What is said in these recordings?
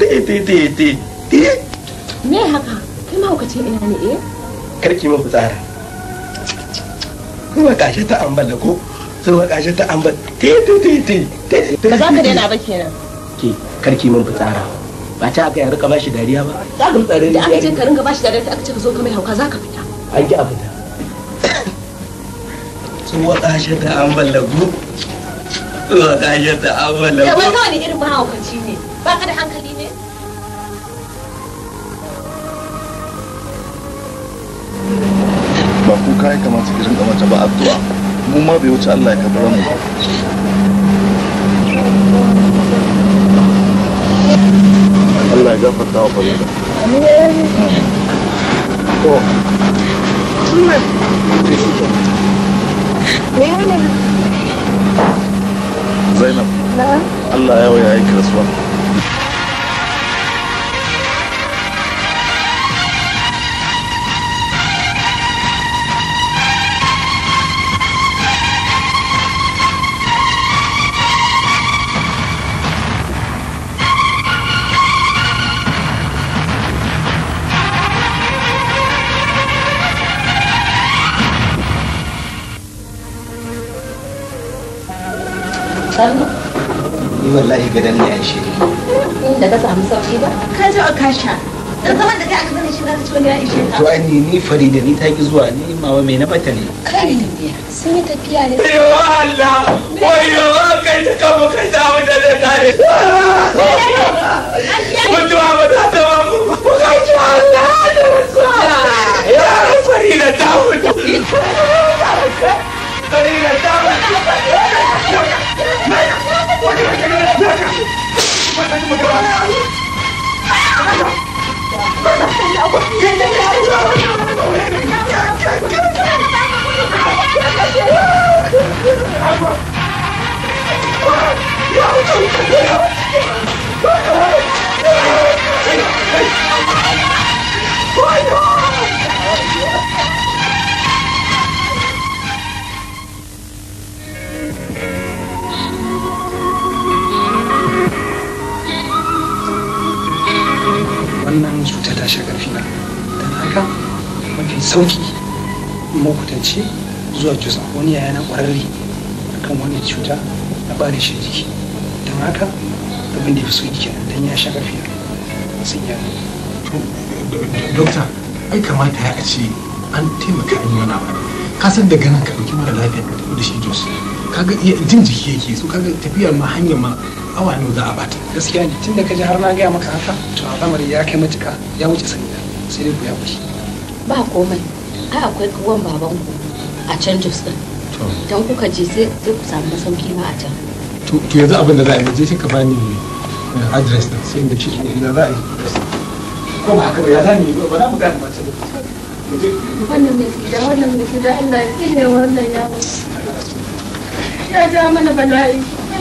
te te me haka kai ma ka ce ina ne eh karki mu fitsara. kuma kashe ta ambal ko sai kashe ta ambal te te te te ba za ka daina ba kenan ke karki mun fitsara ba ta aka ka bashi dariya ba za ka fitsare da aka ce ka rinka bashi dariya ta aka ce ka zo ka mai hauka za ka fita an ki a fita tsuwa kashe ta ambal da ku tsuwa kashe ta ambal da ku kawai kawai irin mahaukaci ne ba ka da hankali ne kuka ya kamata ki rinka mata ba addu'a mu ma bai wuce Allah ya kabara mu Allah ya gafarta wa fariya to Zainab Allah ya waya aiki rasuwa ni wallahi gadon ne an shiri inda ka samu sauki ba ka zo a kasha dan zaman da kai aka zama shi za ka ci wani ya ishe ka to ai ni ni farida ni ta ki zuwa ni ma mawa mai na bata ne kai sun yi tafiya ne yo Allah wayo kai ta kama kai da wanda da kare mutuwa ba ta ta ba mu kai Allah da Oh, my God! wannan cuta ta shiga fina don haka mafi sauki makutanci zuwa cusa wani yaya na a kan wani cuta a da shi jiki don haka abin da ya fi kenan don ya shiga fina sun yi dokta ai kamata ya ce an taimaka in ba ka san daga nan ka ɗauki mara lafiya da shi jos kaga jin jiki yake so kaga tafiya ma hanyar ma awa nawa za a bata gaskiya ne tun da ka ji har na gaya maka haka to al'amari ya kai matuka ya wuce sanya sai dai ku ya wuce ba komai ai akwai kawan ku a can jos din don kuka je sai ku samu sauki ma a can to yanzu abin da za a yi je sai ka bani eh, address din sai inda ce ina za a yi ko ba haka ba ya za ni ba za mu gane mace ce wannan mai gida wannan mai gida Allah ya kiyaye wannan yawo ya ja mana bala'i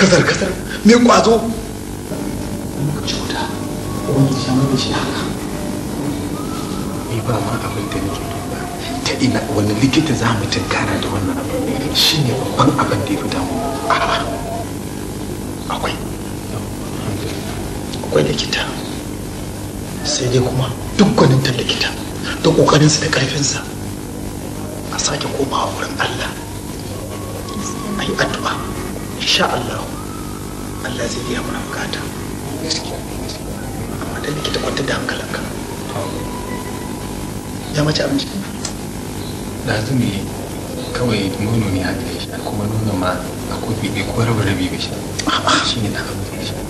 kasar kasar mai kwazo lokaci guda wani samu da shi haka ni ba ma abin ta ina wani likita za mu tunkara da wannan abin shi ne babban abin da ya fi damu akwai akwai likita sai dai kuma duk gwanin likita da kokarinsa da ƙarfinsa a sake komawa wurin allah a yi addu'a insha Allah Allah zai biya mana bukata amma da likita kwanta da hankalinka ya mace abinci da zumi kawai nono ne a kuma nono ma a kofi ɗaya ko rabe rabe bai sha shi ne na abin shi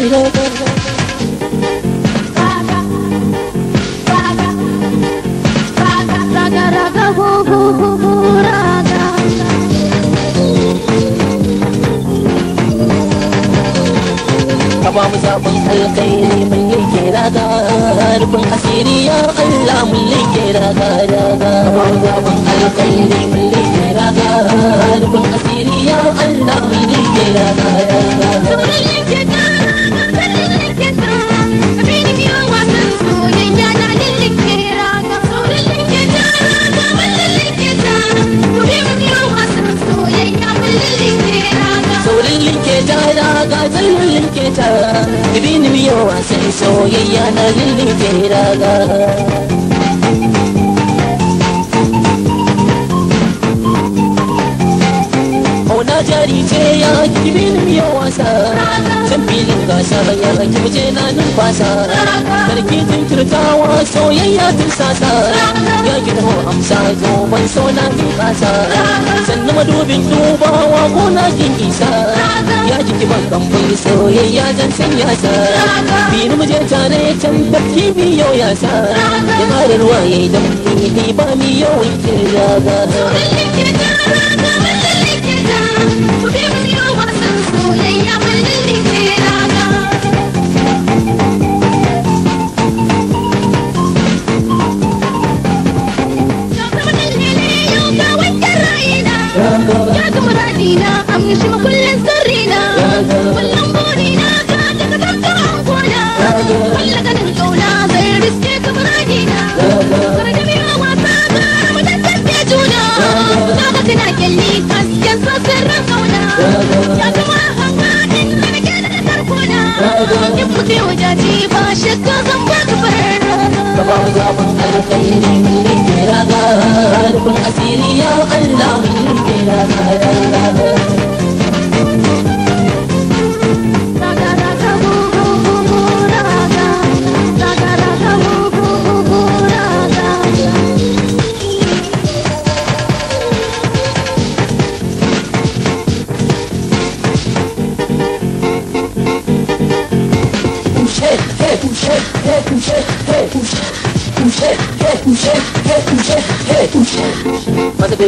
ba mu zaɓin alkhairi mun yi kira ga rufin asiri ya Allah mun yi kira raga. daga ba mu zaɓin alkhairi mun yi kira ga rufin asiri ya Allah mun yi kira raga. daga fita ibini miyo wasan soyayya na lullube raga ki bi ni miyan wasa can filin gasa ya ki buje na numfasa sarki tun kirtawa soyayya tun sasa ya ki taho amsa zo ban so na ki kasa sannan madubin dubawa ko na kin isa ya ki ki ban kan bai soyayya zan san ya sa bi ni muje tare can bakki bi yau ya sa ya mara ruwa yayi dan ni ba mi yau ki raga Thank you. Thank you.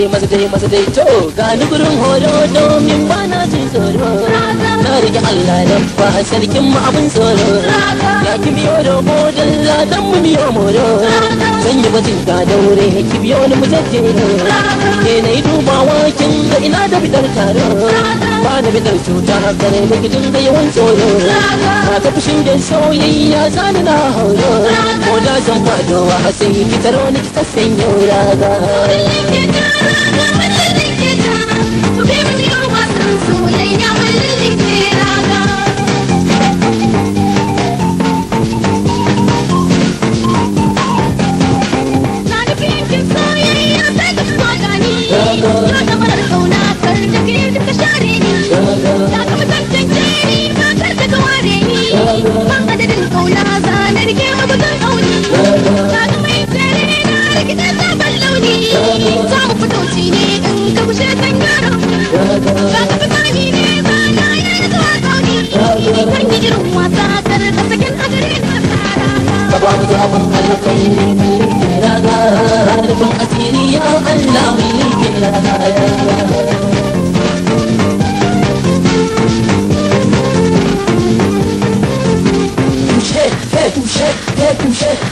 dai masa dai masa dai to gani gurin horo domin ba na jin tsoro na rike Allah da ba sarkin mu abin tsoro ya ki biyo da la ladan mu biyo moro zan yi batun ga daure ki biyo ni mu zaje ke na yi dubawa kin ina da bidar taro ba da bidar cuta gare likitin da yawan tsoro ba ta fushin da soyayya zani na hauro ko da zan fadowa sai ki taro ni ki raga Soyayya mai likita raga Shit, hey, shit, hey, shit.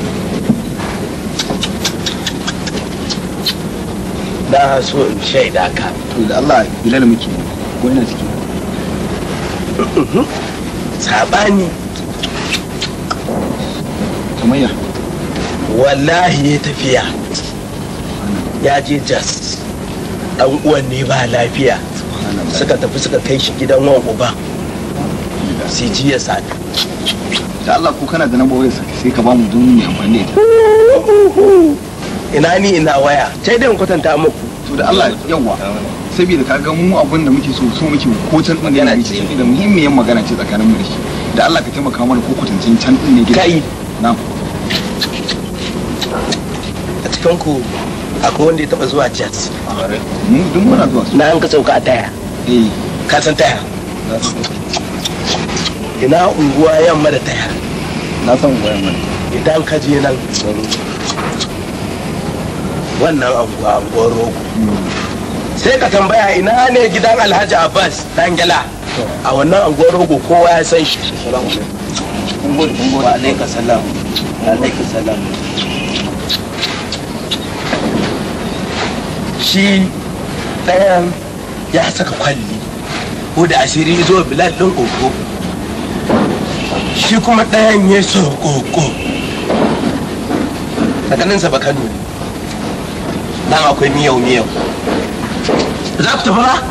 na so in shaida ka to da Allah bilal muke ko ina ciki sabani kamayya wallahi ya tafiya ya je jas dan uwanne ba lafiya suka tafi suka kai shi gidan wan uba sai ji ya sadu da Allah ko kana da nan sai ka ba mu dun mai amfani da ita ina ni ina waya sai dai in kwatanta muku to da Allah yawa saboda ka ga mu abin da muke so so muke ko can din ne muke da muhimmiyar magana ce tsakanin mu da shi da Allah ka taimaka mana ko kwatancin can din ne gida kai na'am a cikin ku akwai wanda ya taba zuwa chat mu duk muna zuwa na an ka sauka a taya eh ka san taya ina unguwa yamma da taya na san unguwa yamma idan ka je nan wannan anguwar rogo sai ka tambaya ina ne gidan alhaji abbas dangela a wannan anguwar rogo kowa ya san shi shi ɗayan ya saka kwalli ko da asiri zo bilal ɗin koko shi kuma ɗayan ya so koko tsakaninsa ba kano ne 那个会你有你有，咋不呢？